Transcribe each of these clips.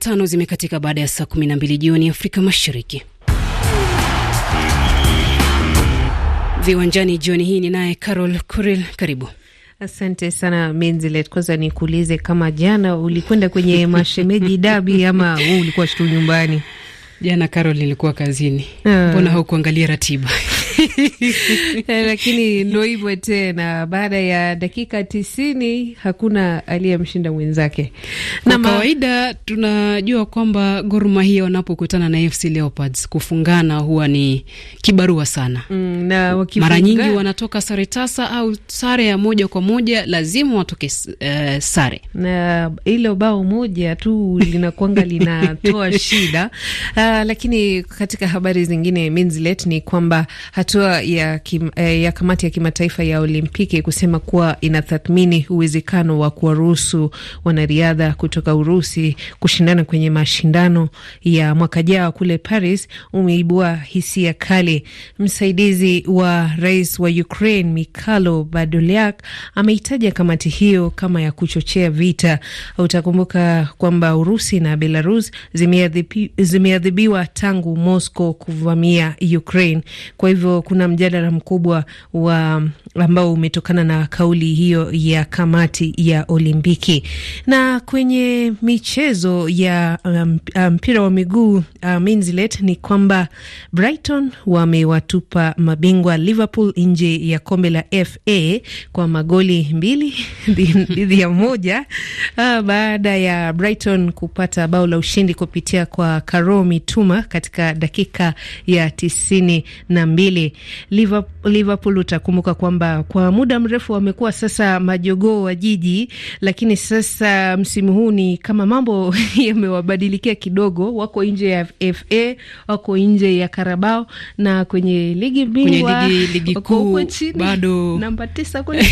tano zimekatika baada ya saa 12 jioni Afrika Mashariki. Viwanjani jioni hii ni naye Carol Kuril, karibu. Asante sana Menzilet, kwanza nikuulize kama jana ulikwenda kwenye mashemeji dabi ama uu ulikuwa shtu nyumbani? Jana Carol nilikuwa kazini. Ah. Mbona haukuangalia ratiba? Eh, lakini ndo hivyo tena, baada ya dakika tisini hakuna aliyemshinda mwenzake. Kwa kawaida tunajua kwamba Gor Mahia wanapokutana na FC Leopards kufungana huwa ni kibarua sana mm, na mara nyingi wanatoka sare tasa au sare ya moja kwa moja, lazima watoke uh, sare, na hilo bao moja tu linakwanga linatoa shida uh, lakini katika habari zingine Minzilet, ni kwamba Hatua ya, kim, eh, ya kamati ya kimataifa ya Olimpiki kusema kuwa inatathmini uwezekano wa kuwaruhusu wanariadha kutoka Urusi kushindana kwenye mashindano ya mwaka jao kule Paris umeibua hisia kali. Msaidizi wa rais wa Ukraine Mikhailo Badoliak ameitaja kamati hiyo kama ya kuchochea vita. Utakumbuka kwamba Urusi na Belarus zimeadhibiwa tangu Moscow kuvamia Ukraine, kwa hivyo kuna mjadala mkubwa wa ambao umetokana na kauli hiyo ya kamati ya Olimpiki. Na kwenye michezo ya um, um, mpira wa miguu minlet um, ni kwamba Brighton wamewatupa mabingwa Liverpool nje ya kombe la FA kwa magoli mbili dhidi ya moja uh, baada ya Brighton kupata bao la ushindi kupitia kwa Karo Mituma katika dakika ya tisini na mbili pili Liverpool, utakumbuka kwamba kwa muda mrefu wamekuwa sasa majogoo wa jiji, lakini sasa msimu huu ni kama mambo yamewabadilikia kidogo. Wako nje ya FA, wako nje ya Karabao na kwenye ligi bingwa, ligi kuu bado namba tisa kule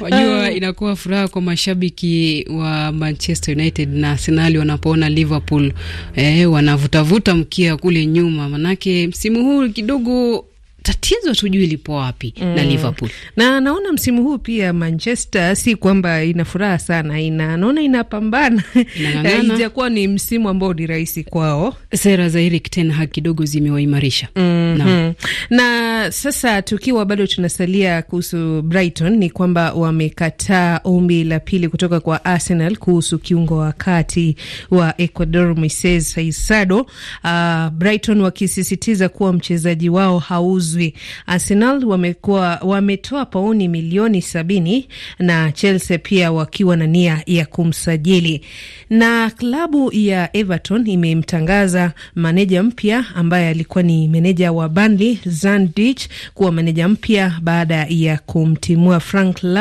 Wajua, ah. inakuwa furaha kwa mashabiki wa Manchester United na Arsenal wanapoona Liverpool eh, wanavutavuta mkia kule nyuma, manake msimu msimu huu kidogo tatizo tujui lipo wapi mm. na Liverpool na naona msimu huu pia Manchester si kwamba ina furaha sana, ina naona inapambana, eh, ijakuwa ni msimu ambao ni rahisi kwao. Sera za Erik ten Hag kidogo zimewaimarisha mm -hmm. na sasa tukiwa bado tunasalia kuhusu Brighton ni kwamba wamekataa ombi la pili kutoka kwa Arsenal kuhusu kiungo wa kati wa Ecuador Moises Caicedo, uh, Brighton wakisisitiza kuwa mchezaji wao hauzi Uzwi. Arsenal wamekuwa wametoa pauni milioni sabini na Chelsea pia wakiwa na nia ya kumsajili. Na klabu ya Everton imemtangaza maneja mpya ambaye alikuwa ni meneja wa Burnley Zandich kuwa meneja mpya baada ya kumtimua Frank Lampard,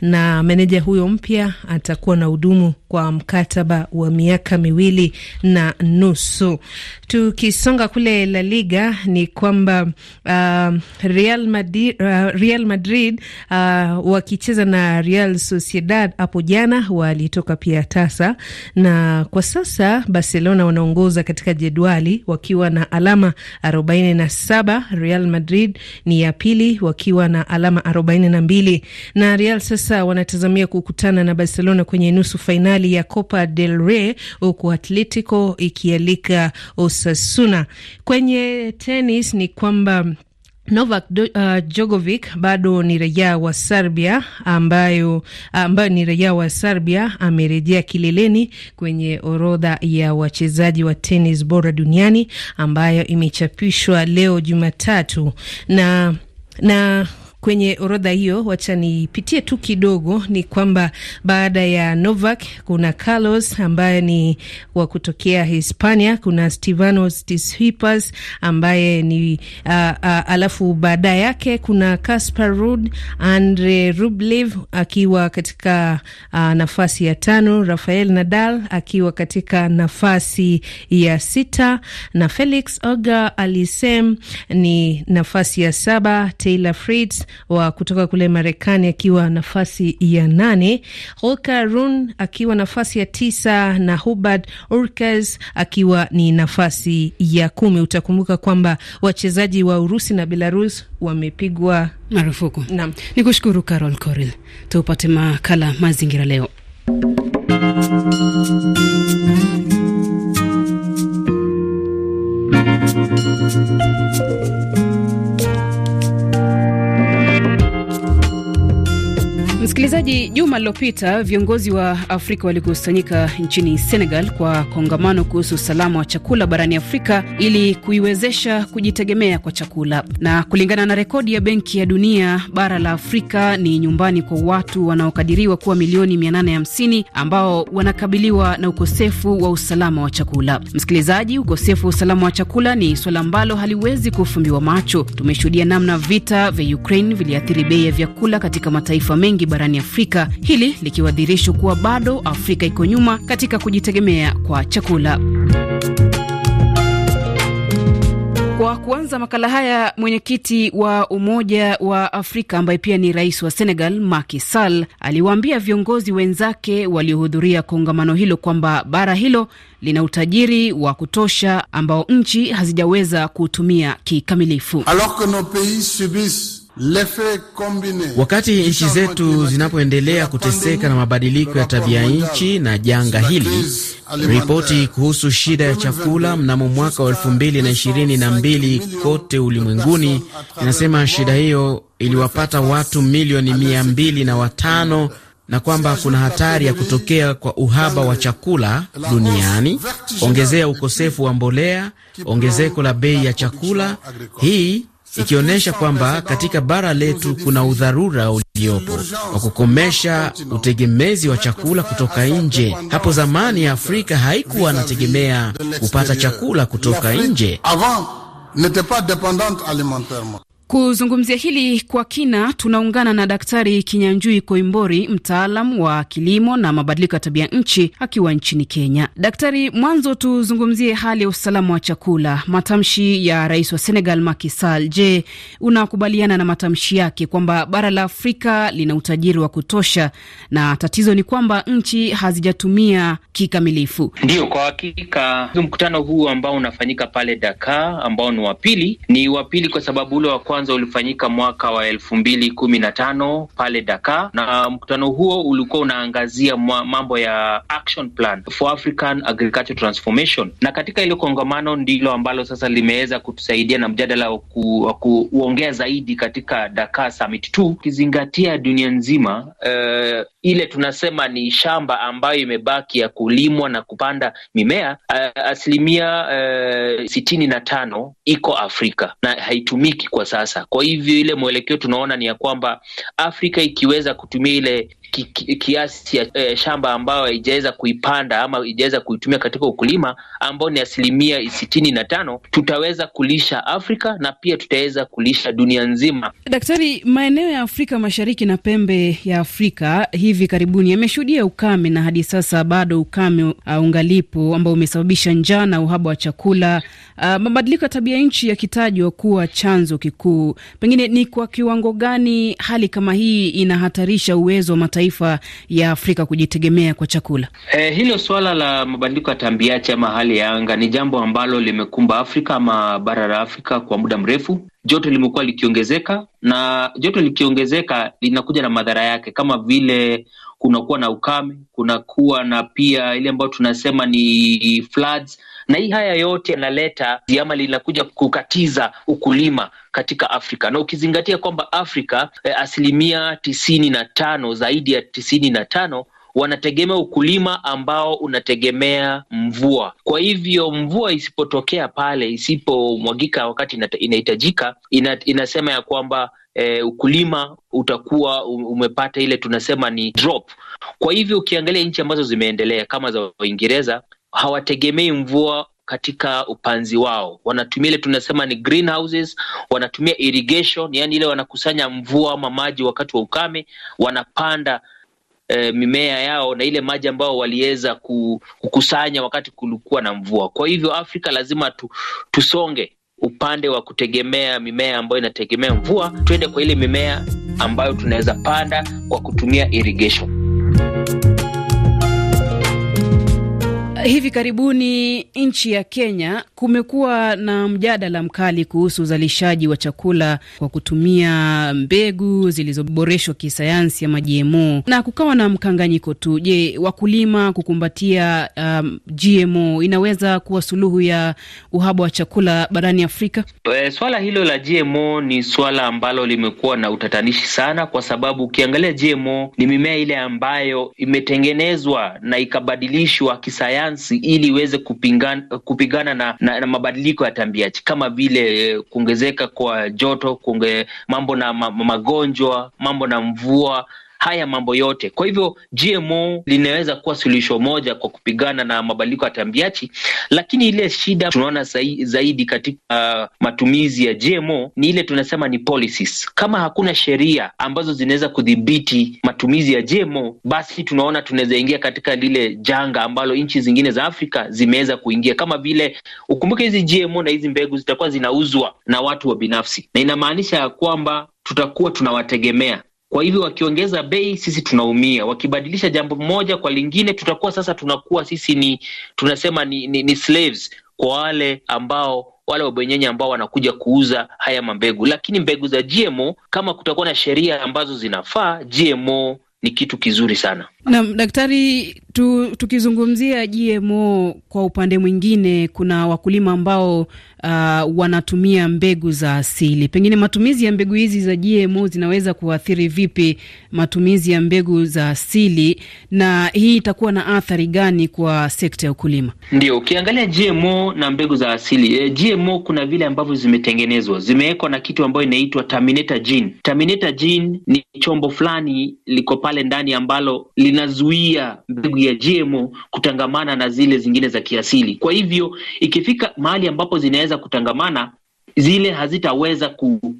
na meneja huyo mpya atakuwa na hudumu kwa mkataba wa miaka miwili na nusu. Tukisonga kule La Liga ni kwamba uh, Real Madrid, uh, Real Madrid uh, wakicheza na Real Sociedad hapo jana walitoka pia tasa, na kwa sasa Barcelona wanaongoza katika jedwali wakiwa na alama 47. Real Madrid ni ya pili wakiwa na alama 42, na Real sasa wanatazamia kukutana na Barcelona kwenye nusu fainali fainali ya Copa del Rey, huku Atletico ikialika Osasuna. Kwenye tenis ni kwamba Novak uh, bado ni raia wa Serbia ambayo, ambayo ni raia wa Serbia amerejea kileleni kwenye orodha ya wachezaji wa tenis bora duniani ambayo imechapishwa leo Jumatatu na na kwenye orodha hiyo, wacha nipitie tu kidogo, ni kwamba baada ya Novak kuna Carlos ambaye ni wa kutokea Hispania, kuna Stefanos Tsitsipas ambaye ni uh, uh, alafu baada yake kuna Casper Ruud, Andre Rublev akiwa katika uh, nafasi ya tano, Rafael Nadal akiwa katika nafasi ya sita na Felix Auger Aliassime ni nafasi ya saba, Taylor Fritz wa kutoka kule Marekani akiwa nafasi ya nane, Holka Run akiwa nafasi ya tisa na Hubert urkes akiwa ni nafasi ya kumi. Utakumbuka kwamba wachezaji wa Urusi na Belarus wamepigwa marufuku. Naam, ni kushukuru Carol Coril. Tupate makala mazingira leo. Msikilizaji, juma lilopita viongozi wa Afrika walikusanyika nchini Senegal kwa kongamano kuhusu usalama wa chakula barani Afrika ili kuiwezesha kujitegemea kwa chakula. Na kulingana na rekodi ya Benki ya Dunia, bara la Afrika ni nyumbani kwa watu wanaokadiriwa kuwa milioni 850 ambao wanakabiliwa na ukosefu wa usalama wa chakula. Msikilizaji, ukosefu wa usalama wa chakula ni suala ambalo haliwezi kufumbiwa macho. Tumeshuhudia namna vita vya Ukraine viliathiri bei ya vyakula katika mataifa mengi barani barani Afrika, hili likiwa dhihirisho kuwa bado Afrika iko nyuma katika kujitegemea kwa chakula. Kwa kuanza makala haya, mwenyekiti wa Umoja wa Afrika ambaye pia ni rais wa Senegal Macky Sall aliwaambia viongozi wenzake waliohudhuria kongamano hilo kwamba bara hilo lina utajiri wa kutosha ambao nchi hazijaweza kuutumia kikamilifu Alors que nos pays subissent Wakati nchi zetu zinapoendelea kuteseka na mabadiliko ya tabia nchi na janga hili, ripoti kuhusu shida ya chakula mnamo mwaka wa 2022 kote ulimwenguni inasema shida hiyo iliwapata watu milioni mia na na kwamba kuna hatari ya kutokea kwa uhaba wa chakula duniani, ongezea ukosefu wa mbolea, ongezeko la bei ya chakula. Hii ikionyesha kwamba katika bara letu kuna udharura uliopo wa kukomesha utegemezi wa chakula kutoka nje. Hapo zamani Afrika haikuwa anategemea kupata chakula kutoka nje. Kuzungumzia hili kwa kina tunaungana na Daktari Kinyanjui Koimbori, mtaalam wa kilimo na mabadiliko ya tabia nchi akiwa nchini Kenya. Daktari, mwanzo tuzungumzie hali ya usalama wa chakula, matamshi ya rais wa Senegal Macky Sall. Je, unakubaliana na matamshi yake kwamba bara la Afrika lina utajiri wa kutosha na tatizo ni kwamba nchi hazijatumia kikamilifu? Ndiyo, kwa hakika mkutano huu ambao unafanyika pale Dakar ambao ni wa pili, ni wa pili kwa sababu ule wa kwanza ulifanyika mwaka wa elfu mbili kumi na tano pale Dakar, na mkutano huo ulikuwa unaangazia mambo ya action plan for African agriculture transformation, na katika ile kongamano ndilo ambalo sasa limeweza kutusaidia na mjadala wa kuongea zaidi katika Dakar Summit 2 ukizingatia dunia nzima eh, ile tunasema ni shamba ambayo imebaki ya kulimwa na kupanda mimea, asilimia uh, sitini na tano iko Afrika na haitumiki kwa sasa. Kwa hivyo ile mwelekeo tunaona ni ya kwamba Afrika ikiweza kutumia ile ki, ki, kiasi ya uh, shamba ambayo haijaweza kuipanda ama haijaweza kuitumia katika ukulima ambao ni asilimia sitini na tano, tutaweza kulisha Afrika na pia tutaweza kulisha dunia nzima. Daktari, maeneo ya Afrika Mashariki na pembe ya Afrika hii hivi karibuni yameshuhudia ukame na hadi sasa bado ukame uh, ungalipo ambao umesababisha njaa na uhaba wa chakula, uh, mabadiliko ya tabia nchi yakitajwa kuwa chanzo kikuu. Pengine ni kwa kiwango gani hali kama hii inahatarisha uwezo wa mataifa ya Afrika kujitegemea kwa chakula? Eh, hilo suala la mabadiliko ya tabianchi ama hali ya anga ni jambo ambalo limekumba Afrika ama bara la Afrika kwa muda mrefu joto limekuwa likiongezeka, na joto likiongezeka linakuja na madhara yake kama vile kunakuwa na ukame, kunakuwa na pia ile ambayo tunasema ni floods, na hii haya yote yanaleta ama linakuja kukatiza ukulima katika Afrika, na ukizingatia kwamba Afrika eh, asilimia tisini na tano zaidi ya tisini na tano wanategemea ukulima ambao unategemea mvua. Kwa hivyo mvua isipotokea pale, isipomwagika wakati inahitajika, ina, inasema ya kwamba E, ukulima utakuwa umepata ile tunasema ni drop. Kwa hivyo ukiangalia nchi ambazo zimeendelea kama za Uingereza hawategemei mvua katika upanzi wao, wanatumia ile tunasema ni greenhouses, wanatumia irrigation, yani ile wanakusanya mvua ama maji wakati wa ukame, wanapanda e, mimea yao na ile maji ambayo waliweza kukusanya wakati kulikuwa na mvua. Kwa hivyo Afrika lazima tu, tusonge upande wa kutegemea mimea ambayo inategemea mvua, tuende kwa ile mimea ambayo tunaweza panda kwa kutumia irrigation. Hivi karibuni nchi ya Kenya kumekuwa na mjadala mkali kuhusu uzalishaji wa chakula kwa kutumia mbegu zilizoboreshwa kisayansi ama GMO, na kukawa na mkanganyiko tu. Je, wakulima kukumbatia um, GMO inaweza kuwa suluhu ya uhaba wa chakula barani Afrika? E, swala hilo la GMO ni swala ambalo limekuwa na utatanishi sana, kwa sababu ukiangalia GMO ni mimea ile ambayo imetengenezwa na ikabadilishwa kisayansi sayansi ili iweze kupingana, kupigana na, na, na mabadiliko ya tabianchi kama vile eh, kuongezeka kwa joto kunge, mambo na ma, magonjwa mambo na mvua haya mambo yote. Kwa hivyo GMO linaweza kuwa suluhisho moja kwa kupigana na mabadiliko ya tambiachi lakini ile shida tunaona zaidi katika uh, matumizi ya GMO ni ile tunasema ni policies. Kama hakuna sheria ambazo zinaweza kudhibiti matumizi ya GMO, basi tunaona tunaweza ingia katika lile janga ambalo nchi zingine za Afrika zimeweza kuingia, kama vile ukumbuke, hizi GMO na hizi mbegu zitakuwa zinauzwa na watu wa binafsi, na inamaanisha ya kwamba tutakuwa tunawategemea kwa hivyo wakiongeza bei, sisi tunaumia. Wakibadilisha jambo moja kwa lingine, tutakuwa sasa tunakuwa sisi ni tunasema ni, ni, ni slaves kwa wale ambao wale wabwenyenye ambao wanakuja kuuza haya mambegu. Lakini mbegu za GMO kama kutakuwa na sheria ambazo zinafaa, GMO ni kitu kizuri sana. Naam, daktari, tu, tukizungumzia GMO kwa upande mwingine, kuna wakulima ambao uh, wanatumia mbegu za asili. Pengine matumizi ya mbegu hizi za GMO zinaweza kuathiri vipi matumizi ya mbegu za asili, na hii itakuwa na athari gani kwa sekta ya ukulima? Ndio, ukiangalia GMO na mbegu za asili e, eh, GMO kuna vile ambavyo zimetengenezwa, zimewekwa na kitu ambayo inaitwa terminator gene. Terminator gene ni chombo fulani liko pale ndani ambalo linazuia mbegu ya GMO kutangamana na zile zingine za kiasili. Kwa hivyo ikifika mahali ambapo zinaweza kutangamana, zile hazitaweza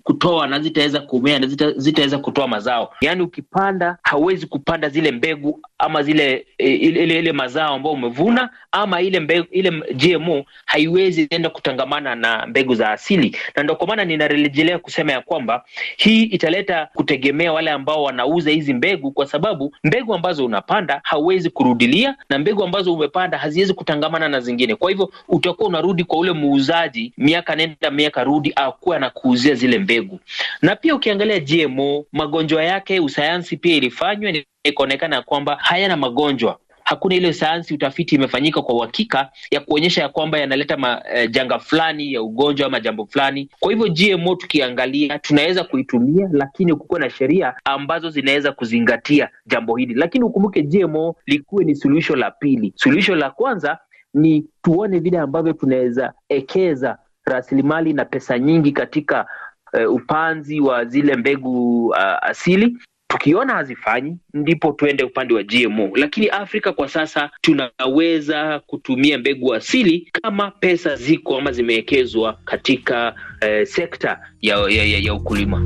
kutoa na zitaweza kumea na zitaweza kutoa mazao. Yaani ukipanda hauwezi kupanda zile mbegu ama zile e, ile, ile, ile mazao ambayo umevuna ama ile mbegu, ile GMO haiwezi enda kutangamana na mbegu za asili, na ndio kwa maana ninarejelea kusema ya kwamba hii italeta kutegemea wale ambao wanauza hizi mbegu, kwa sababu mbegu ambazo unapanda hauwezi kurudilia na mbegu ambazo umepanda haziwezi kutangamana na zingine. Kwa hivyo utakuwa unarudi kwa ule muuzaji miaka nenda miaka anarudi akuwe anakuuzia zile mbegu. Na pia ukiangalia GMO magonjwa yake, usayansi pia ilifanywa ikaonekana ya kwamba hayana magonjwa hakuna ile sayansi utafiti imefanyika kwa uhakika ya kuonyesha ya kwamba yanaleta ma, eh, janga fulani ya ugonjwa ama jambo fulani. Kwa hivyo GMO tukiangalia, tunaweza kuitumia, lakini kukuwa na sheria ambazo zinaweza kuzingatia jambo hili. Lakini ukumbuke GMO likuwe ni suluhisho la pili. Suluhisho la kwanza ni tuone vile ambavyo tunaweza ekeza rasilimali na pesa nyingi katika uh, upanzi wa zile mbegu uh, asili tukiona hazifanyi ndipo tuende upande wa GMO, lakini Afrika kwa sasa tunaweza kutumia mbegu asili kama pesa ziko ama zimewekezwa katika eh, sekta ya, ya, ya, ya ukulima.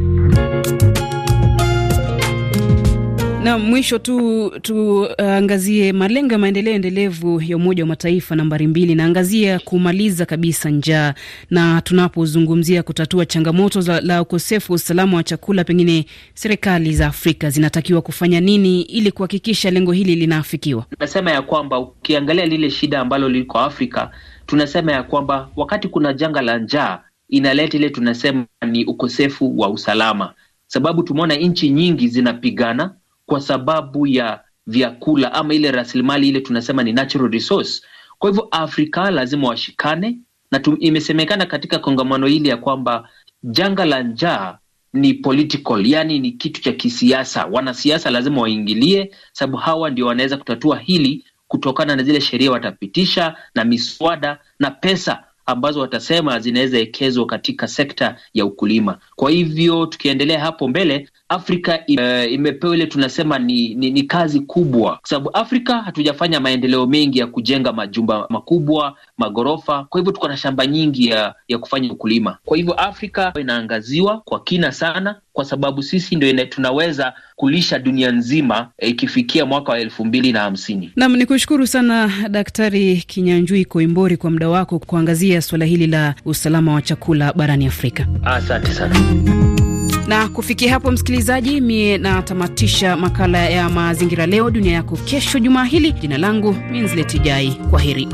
Na mwisho tu tuangazie uh, malengo ya maendeleo endelevu ya Umoja wa Mataifa nambari mbili, naangazia kumaliza kabisa njaa, na tunapozungumzia kutatua changamoto za, la ukosefu wa usalama wa chakula, pengine serikali za Afrika zinatakiwa kufanya nini ili kuhakikisha lengo hili linaafikiwa? Nasema ya kwamba ukiangalia lile shida ambalo liko Afrika, tunasema ya kwamba wakati kuna janga la njaa inaleta ile tunasema ni ukosefu wa usalama, sababu tumeona nchi nyingi zinapigana kwa sababu ya vyakula ama ile rasilimali ile tunasema ni natural resource. Kwa hivyo Afrika lazima washikane na imesemekana katika kongamano hili ya kwamba janga la njaa ni political, yani ni kitu cha kisiasa. Wanasiasa lazima waingilie, sababu hawa ndio wanaweza kutatua hili kutokana na zile sheria watapitisha na miswada na pesa ambazo watasema zinaweza ekezwa katika sekta ya ukulima. Kwa hivyo tukiendelea hapo mbele, Afrika eh, imepewa ile tunasema ni, ni, ni kazi kubwa, kwa sababu Afrika hatujafanya maendeleo mengi ya kujenga majumba makubwa maghorofa. Kwa hivyo tuko na shamba nyingi ya, ya kufanya ukulima. Kwa hivyo Afrika inaangaziwa kwa kina sana, kwa sababu sisi ndio tunaweza kulisha dunia nzima eh, ikifikia e, mwaka wa elfu mbili na hamsini. Nam ni kushukuru sana Daktari Kinyanjui Koimbori kwa muda wako kuangazia suala hili la usalama wa chakula barani Afrika. Asante sana. Na kufikia hapo, msikilizaji, mie natamatisha makala ya mazingira leo dunia yako kesho jumaa hili. Jina langu Minzletijai, Jai, kwa heri.